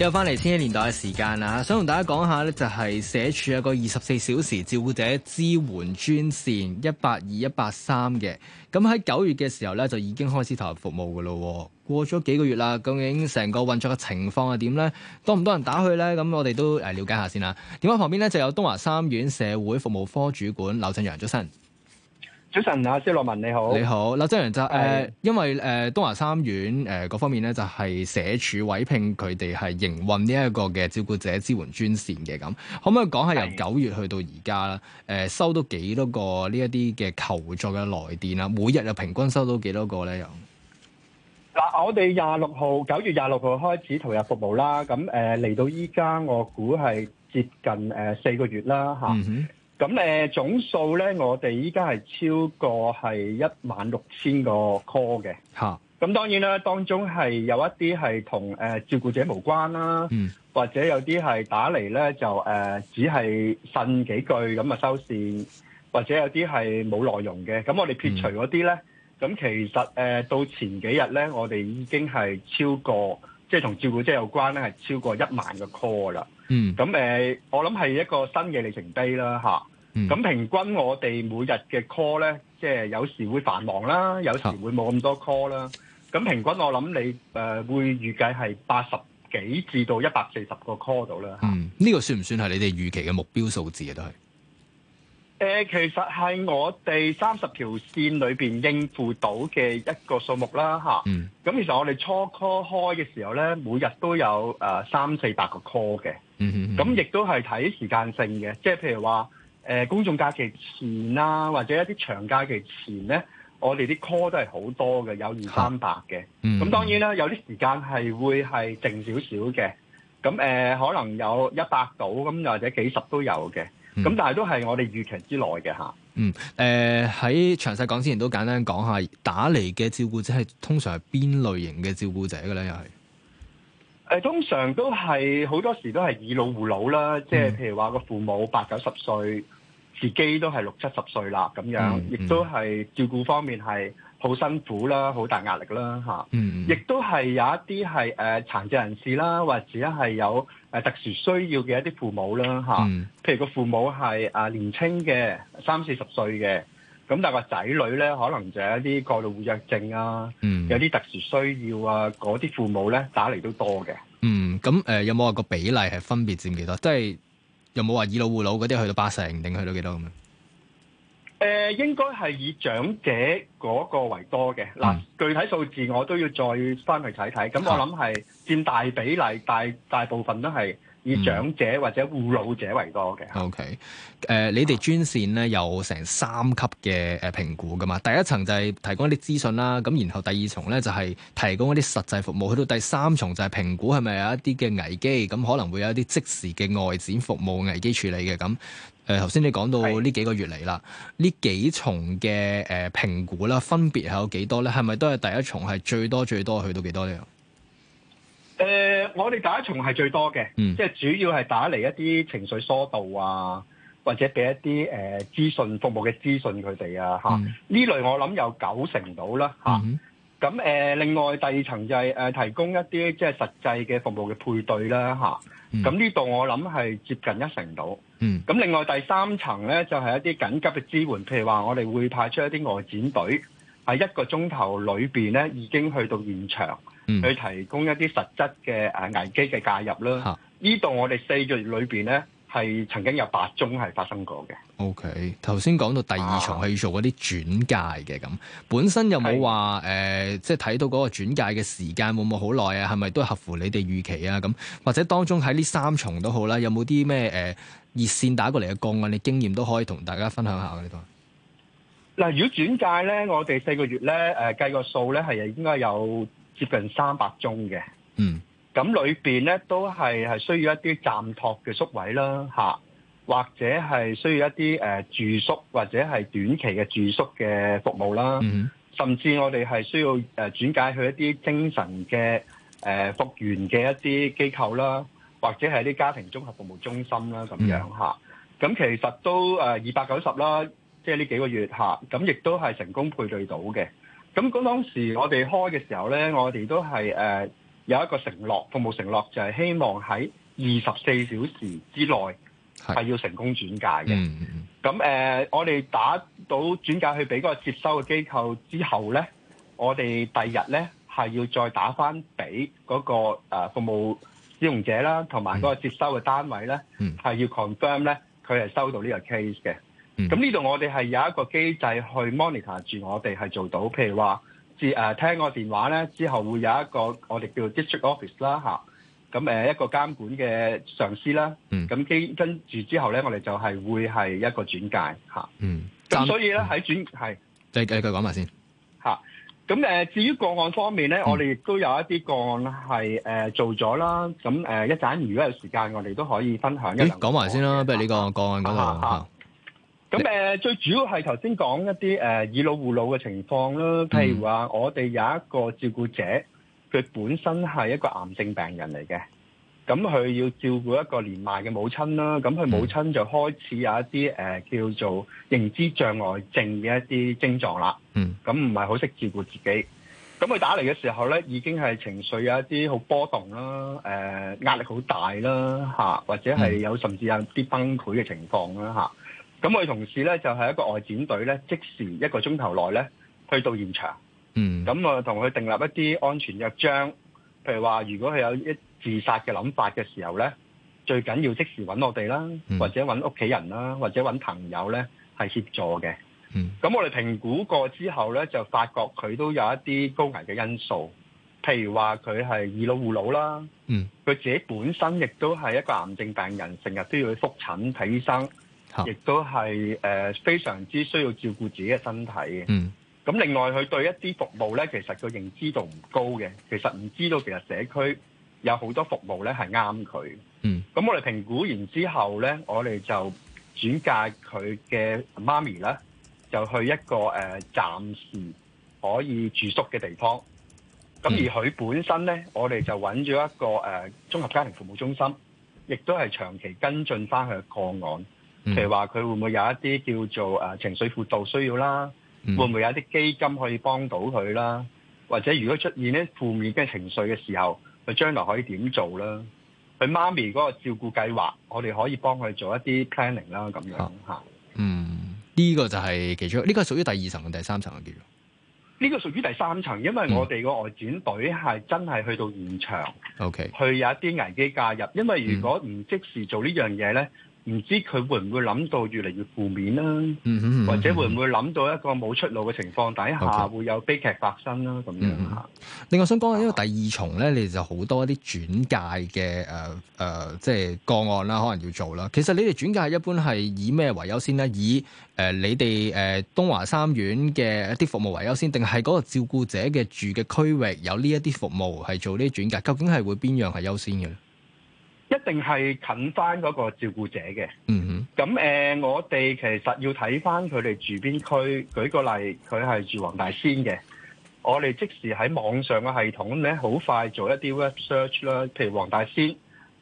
又翻嚟千禧年代嘅時間啦，想同大家講下呢就係社署有個二十四小時照顧者支援專線一八二一八三嘅，咁喺九月嘅時候呢，就已經開始投入服務嘅咯。過咗幾個月啦，究竟成個運作嘅情況係點呢？多唔多人打去呢？咁我哋都誒了解下先啦。電話旁邊呢，就有東華三院社會服務科主管婁振陽出身。早晨啊，肖樂文你好，你好。嗱，振陽就誒，的因為誒東華三院誒嗰方面咧就係社署委聘佢哋係營運呢一個嘅照顧者支援專線嘅咁，可唔可以講下由九月去到而家誒，的收到幾多個呢一啲嘅求助嘅來電啦？每日又平均收到幾多個咧？又嗱，我哋廿六號九月廿六號開始投入服務啦。咁誒嚟到依家，我估係接近誒四個月啦吓。嗯咁誒總數咧，我哋依家係超過係一萬六千個 call 嘅嚇。咁當然啦，當中係有一啲係同誒照顧者無關啦，或者有啲係打嚟咧就誒只係呻幾句咁啊，收線，或者有啲係冇內容嘅。咁我哋撇除嗰啲咧，咁其實誒到前幾日咧，我哋已經係超過，即係同照顧者有關咧，係超過一萬個 call 啦。嗯。咁誒，我諗係一個新嘅里程碑啦，吓、嗯，咁平均我哋每日嘅 call 咧，即係有時會繁忙啦，有時會冇咁多 call 啦。咁平均我諗你誒、呃、會預計係八十幾至到一百四十個 call 度啦。嗯。呢個算唔算係你哋預期嘅目標數字啊？都係。呃、其實係我哋三十條線裏面應付到嘅一個數目啦，咁、嗯啊、其實我哋初 call 開嘅時候咧，每日都有三四百個 call 嘅。咁亦都係睇時間性嘅，即係譬如話、呃、公眾假期前啦、啊，或者一啲長假期前咧，我哋啲 call 都係好多嘅，有二三百嘅。咁、啊嗯、當然啦，有啲時間係會係靜少少嘅，咁、呃、可能有一百到，咁又或者幾十都有嘅。咁、嗯、但係都係我哋預期之內嘅嚇。嗯，誒、呃、喺詳細講之前都簡單講下，打嚟嘅照顧者係通常係邊類型嘅照顧者嘅咧？又係誒，通常都係好多時都係以老護老啦，嗯、即係譬如話個父母八九十歲，自己都係六七十歲啦，咁樣亦、嗯、都係照顧方面係好辛苦啦，好大壓力啦嚇。嗯，亦、啊嗯、都係有一啲係誒殘疾人士啦，或者係有。誒特殊需要嘅一啲父母啦吓，嗯、譬如個父母係啊年青嘅三四十歲嘅，咁但係個仔女咧可能就係一啲過度活躍症啊，嗯、有啲特殊需要啊，嗰啲父母咧打嚟都多嘅。嗯，咁誒有冇話個比例係分別佔幾多？即係有冇話以老護老嗰啲去到八成定去到幾多咁啊？誒、呃、應該係以長者嗰個為多嘅嗱，嗯、具體數字我都要再返去睇睇。咁我諗係佔大比例，啊、大大部分都係以長者或者護老者為多嘅、嗯。OK，誒、呃、你哋專線咧有成三級嘅誒評估㗎嘛？啊、第一層就係提供一啲資訊啦，咁然後第二重咧就係提供一啲實際服務，去到第三重，就係評估係咪有一啲嘅危機，咁可能會有一啲即時嘅外展服務危機處理嘅咁。誒頭先你講到呢幾個月嚟啦，呢是幾重嘅誒評估啦，分別係有幾多咧？係咪都係第一重係最多最多去到幾多咧？誒、呃，我哋第一重係最多嘅，嗯、即係主要係打嚟一啲情緒疏導啊，或者俾一啲誒資訊服務嘅資訊佢哋啊，嚇呢、嗯、類我諗有九成到啦，嚇、嗯哼。咁誒、啊呃、另外第二層就係誒提供一啲即係實際嘅服務嘅配對啦，嚇、啊。咁呢度我諗係接近一成到。嗯，咁另外第三層咧，就係、是、一啲緊急嘅支援，譬如話我哋會派出一啲外展隊喺一個鐘頭裏面咧，已經去到現場，嗯、去提供一啲實質嘅誒危機嘅介入啦。哈呢度我哋四個月裏面咧，係曾經有八宗係發生過嘅。O K，頭先講到第二重係做嗰啲轉介嘅咁，啊、本身有冇話誒，即係睇到嗰個轉介嘅時間會唔會好耐啊？係咪都合乎你哋預期啊？咁或者當中喺呢三重都好啦，有冇啲咩誒熱線打過嚟嘅個案？你的經驗都可以同大家分享一下呢度。嗱，如果轉介咧，我哋四個月咧誒、呃、計個數咧，係應該有接近三百宗嘅。嗯。咁裏面咧都係係需要一啲暫託嘅宿位啦，或者係需要一啲、呃、住宿或者係短期嘅住宿嘅服務啦，mm hmm。甚至我哋係需要、呃、轉介去一啲精神嘅服、呃、復原嘅一啲機構啦，或者係啲家庭綜合服務中心啦，咁樣咁、mm hmm。其實都誒二百九十啦，即係呢幾個月咁亦、啊、都係成功配對到嘅。咁嗰當時我哋開嘅時候咧，我哋都係有一個承諾，服務承諾就係希望喺二十四小時之內係要成功轉介嘅。咁、嗯嗯呃、我哋打到轉介去俾嗰個接收嘅機構之後咧，我哋第日咧係要再打返俾嗰個、呃、服務使用者啦，同埋嗰個接收嘅單位咧，係、嗯、要 confirm 咧佢係收到呢個 case 嘅。咁呢度我哋係有一個機制去 monitor 住我哋係做到，譬如話。至聽聽個電話咧，之後會有一個我哋叫 District Office 啦，咁一個監管嘅上司啦，咁跟跟住之後咧，我哋就係會係一個轉介嗯，咁所以咧喺轉係，你你句講埋先。咁誒至於個案方面咧，我哋亦都有一啲個案係做咗啦。咁一陣如果有時間，我哋都可以分享一講埋先啦。不如呢個個案嗰個咁、呃、最主要係頭先講一啲誒、呃、以老護老嘅情況啦，譬如話我哋有一個照顧者，佢本身係一個癌症病人嚟嘅，咁佢要照顧一個年邁嘅母親啦。咁佢母親就開始有一啲誒、呃、叫做認知障礙症嘅一啲症狀啦。嗯，咁唔係好識照顧自己。咁佢打嚟嘅時候咧，已經係情緒有一啲好波動啦，誒、呃、壓力好大啦，嚇或者係有、嗯、甚至有啲崩潰嘅情況啦，嚇咁我哋同事咧就係、是、一個外展隊咧，即時一個鐘頭內咧去到現場。嗯，咁我哋同佢訂立一啲安全約章，譬如話，如果佢有一自殺嘅諗法嘅時候咧，最緊要即時揾我哋啦，嗯、或者揾屋企人啦，或者揾朋友咧係協助嘅。嗯，咁我哋評估過之後咧，就發覺佢都有一啲高危嘅因素，譬如話佢係以老護老啦。嗯，佢自己本身亦都係一個癌症病人，成日都要去覆診睇醫生。亦都係、呃、非常之需要照顧自己嘅身體嘅。嗯。咁另外佢對一啲服務咧，其實佢認知度唔高嘅，其實唔知道其實社區有好多服務咧係啱佢。嗯。咁我哋評估完之後咧，我哋就轉介佢嘅媽咪呢，就去一個呃、暫時可以住宿嘅地方。咁、嗯、而佢本身咧，我哋就揾咗一個誒綜合家庭服務中心，亦都係長期跟進翻佢個案。譬、嗯、如話佢會唔會有一啲叫做誒情緒輔導需要啦，嗯、會唔會有一啲基金可以幫到佢啦？或者如果出現呢負面嘅情緒嘅時候，佢將來可以點做啦？佢媽咪嗰個照顧計劃，我哋可以幫佢做一啲 planning 啦，咁樣吓、啊。嗯，呢、這個就係其中，呢、這個屬於第二層同第三層嘅叫做。呢個屬於第三層，因為我哋個外展隊係真係去到現場，嗯 okay. 去有一啲危機介入。因為如果唔即時做這樣呢樣嘢咧。唔知佢會唔會諗到越嚟越負面啦、啊，嗯嗯嗯、或者會唔會諗到一個冇出路嘅情況底下會有悲劇發生啦咁樣嚇。另外想講下，因為第二重咧，你哋就好多一啲轉介嘅誒誒，即係個案啦，可能要做啦。其實你哋轉介一般係以咩為優先咧？以誒、呃、你哋誒、呃、東華三院嘅一啲服務為優先，定係嗰個照顧者嘅住嘅區域有呢一啲服務係做呢啲轉介？究竟係會邊樣係優先嘅咧？一定係近翻嗰個照顧者嘅。嗯咁誒，我哋其實要睇翻佢哋住邊區。舉個例，佢係住黃大仙嘅，我哋即時喺網上嘅系統咧，好快做一啲 web search 啦。譬如黃大仙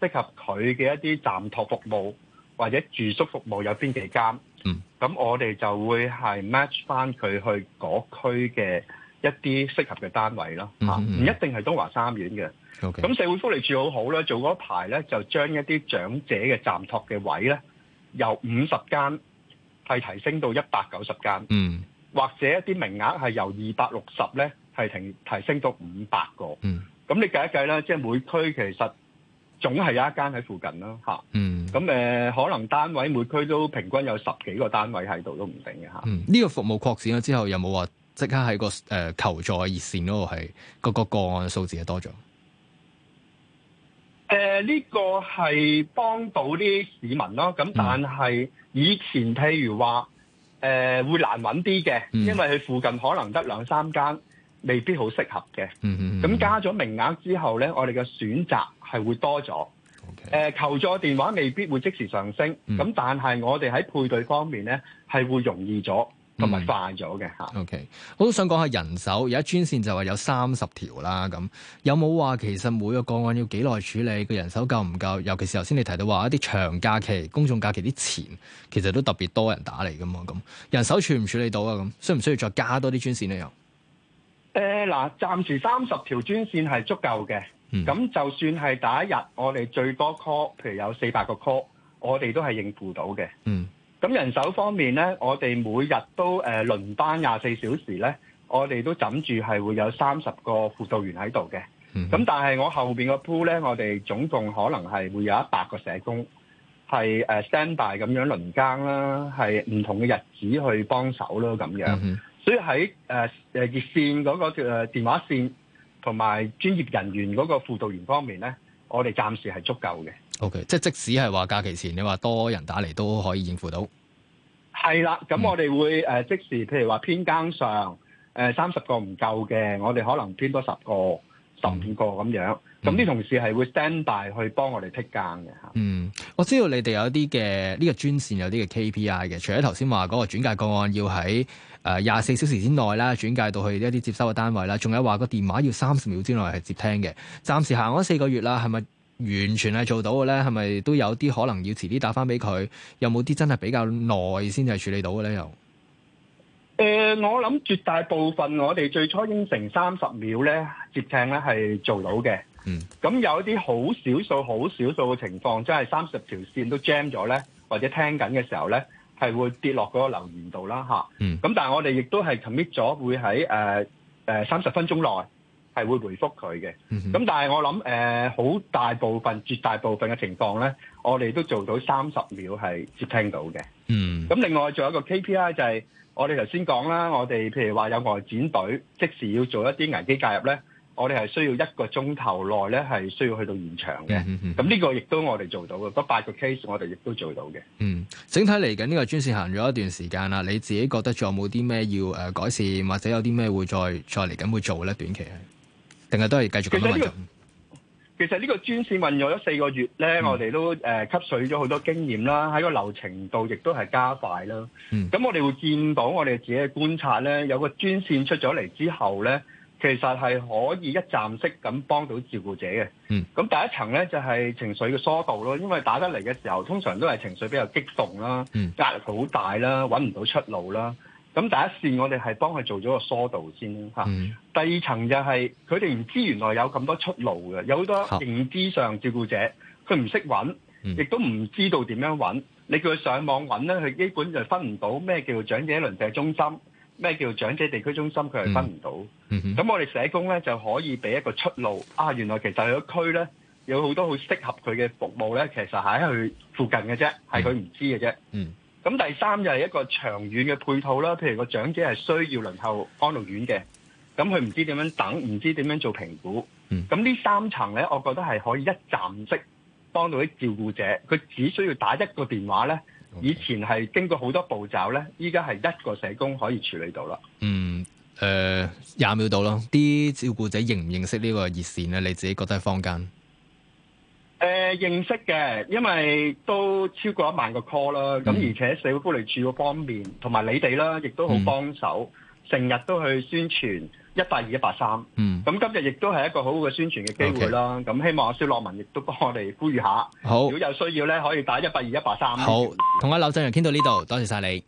適合佢嘅一啲暫託服務或者住宿服務有邊幾間？嗯、mm。咁、hmm. 我哋就會係 match 翻佢去嗰區嘅。一啲適合嘅單位咯嚇，唔、mm hmm. 啊、一定係東華三院嘅。咁 Okay. 社會福利署好好咧，做嗰排咧就將一啲長者嘅暫託嘅位咧，由五十間係提升到一百九十間。嗯、mm，hmm. 或者一啲名額係由二百六十咧係提提升到五百個。嗯、mm，咁、hmm. 你計一計啦，即係每區其實總係有一間喺附近啦嗯，咁、啊 mm hmm. 呃、可能單位每區都平均有十幾個單位喺度都唔定嘅嗯，呢、啊 mm hmm. 個服務擴展咗之後有有，有冇話？即刻喺個誒、呃、求助熱線嗰度係個個個案嘅數字係多咗。誒呢、呃呢個係幫到啲市民咯。咁但係以前譬如話誒、呃、會難揾啲嘅，因為佢附近可能得兩三間，未必好適合嘅。咁加咗名額之後咧，我哋嘅選擇係會多咗。誒 Okay. 求助電話未必會即時上升，咁、嗯、但係我哋喺配對方面咧係會容易咗。同埋犯咗嘅吓 O K，我都想講下人手，而家專線就話有三十條啦。咁有冇話其實每個個案要幾耐處理？個人手夠唔夠？尤其係頭先你提到話一啲長假期、公眾假期啲前，其實都特別多人打嚟噶嘛。咁人手處唔處理到啊？咁需唔需要再加多啲專線呢？又誒嗱，暫時三十條專線係足夠嘅。咁、嗯、就算係第一日，我哋最多 call，譬如有四百個 call，我哋都係應付到嘅。嗯。咁人手方面咧，我哋每日都誒輪班廿四小時咧，我哋都枕住係會有三十個輔導員喺度嘅。咁但係我後邊個鋪咧，我哋總共可能係會有一百個社工，係誒 stand by 咁樣輪更啦，係唔同嘅日子去幫手咯，咁樣。所以喺誒誒熱線嗰個誒電話線同埋專業人員嗰個輔導員方面咧，我哋暫時係足夠嘅。O.K.，即係即使係話假期前，你話多人打嚟都可以應付到。係啦，咁我哋會即時，嗯、譬如話編更上三十、呃、個唔夠嘅，我哋可能編多十個、十五個咁樣。咁啲、嗯、同事係會 stand by 去幫我哋剔更嘅，嗯，我知道你哋有啲嘅呢個專線有啲嘅 K.P.I. 嘅，除咗頭先話嗰個轉介個案要喺誒廿四小時之內啦，轉介到去一啲接收嘅單位啦，仲有話個電話要三十秒之內係接聽嘅。暫時行咗四個月啦，係咪？完全係做到嘅咧，係咪都有啲可能要遲啲打翻俾佢？有冇啲真係比較耐先至處理到嘅咧？又誒，我諗絕大部分我哋最初應承三十秒咧，接聽咧係做到嘅。嗯，咁有一啲好少數、好少數嘅情況，即係三十條線都 jam 咗咧，或者聽緊嘅時候咧係會跌落嗰個留言度啦嚇。嗯，咁但係我哋亦都係 commit 咗會喺誒誒三十分鐘內。係會回覆佢嘅，咁但係我諗誒，好、呃、大部分、絕大部分嘅情況咧，我哋都做到三十秒係接聽到嘅。嗯，咁另外仲有一個 KPI 就係我哋頭先講啦，我哋譬如話有外展隊即時要做一啲危機介入咧，我哋係需要一個鐘頭內咧係需要去到現場嘅。嗯嗯，咁呢個亦都我哋做到嘅，嗰八個 case 我哋亦都做到嘅。嗯，整體嚟緊呢個專線行咗一段時間啦，你自己覺得仲有冇啲咩要誒改善，或者有啲咩會再再嚟緊會做咧？短期？定係都係繼續咁問咁。其實呢個其實呢個專線運用咗四個月咧，嗯、我哋都誒、呃、吸水咗好多經驗啦，喺個流程度亦都係加快啦。咁、嗯、我哋會見到我哋自己嘅觀察咧，有個專線出咗嚟之後咧，其實係可以一站式咁幫到照顧者嘅。咁、嗯、第一層咧就係、是、情緒嘅疏導咯，因為打得嚟嘅時候通常都係情緒比較激動啦，嗯、壓力好大啦，揾唔到出路啦。咁第一線我哋係幫佢做咗個疏導先嚇，第二層就係佢哋唔知原來有咁多出路嘅，有好多認知上照顧者佢唔識揾，亦都唔知道點樣揾。你叫佢上網揾咧，佢基本就分唔到咩叫長者鄰舍中心，咩叫長者地區中心，佢係分唔到。咁、嗯嗯嗯、我哋社工咧就可以俾一個出路。啊，原來其實有一區咧，有好多好適合佢嘅服務咧，其實喺佢附近嘅啫，係佢唔知嘅啫。嗯嗯咁第三就係一個長遠嘅配套啦，譬如個長者係需要輪候安老院嘅，咁佢唔知點樣等，唔知點樣做評估。咁呢、嗯、三層咧，我覺得係可以一站式幫到啲照顧者，佢只需要打一個電話咧，以前係經過好多步驟咧，依家係一個社工可以處理到啦。嗯，誒、呃、廿秒到咯，啲照顧者認唔認識個熱呢個熱線咧？你自己覺得係坊間？誒，認識嘅，因為都超過一萬個 call 啦，嗯，咁而且社會福利署嗰方面同埋你哋啦，亦都好幫手，成日都去宣傳一百二一百三，咁，嗯、今日亦都係一個好好嘅宣傳嘅機會啦。咁 Okay. 希望小樂文亦都幫我哋呼籲下，好如果有需要咧，可以打一百二一百三。3, 好，同阿婁振陽傾到呢度，多謝晒你。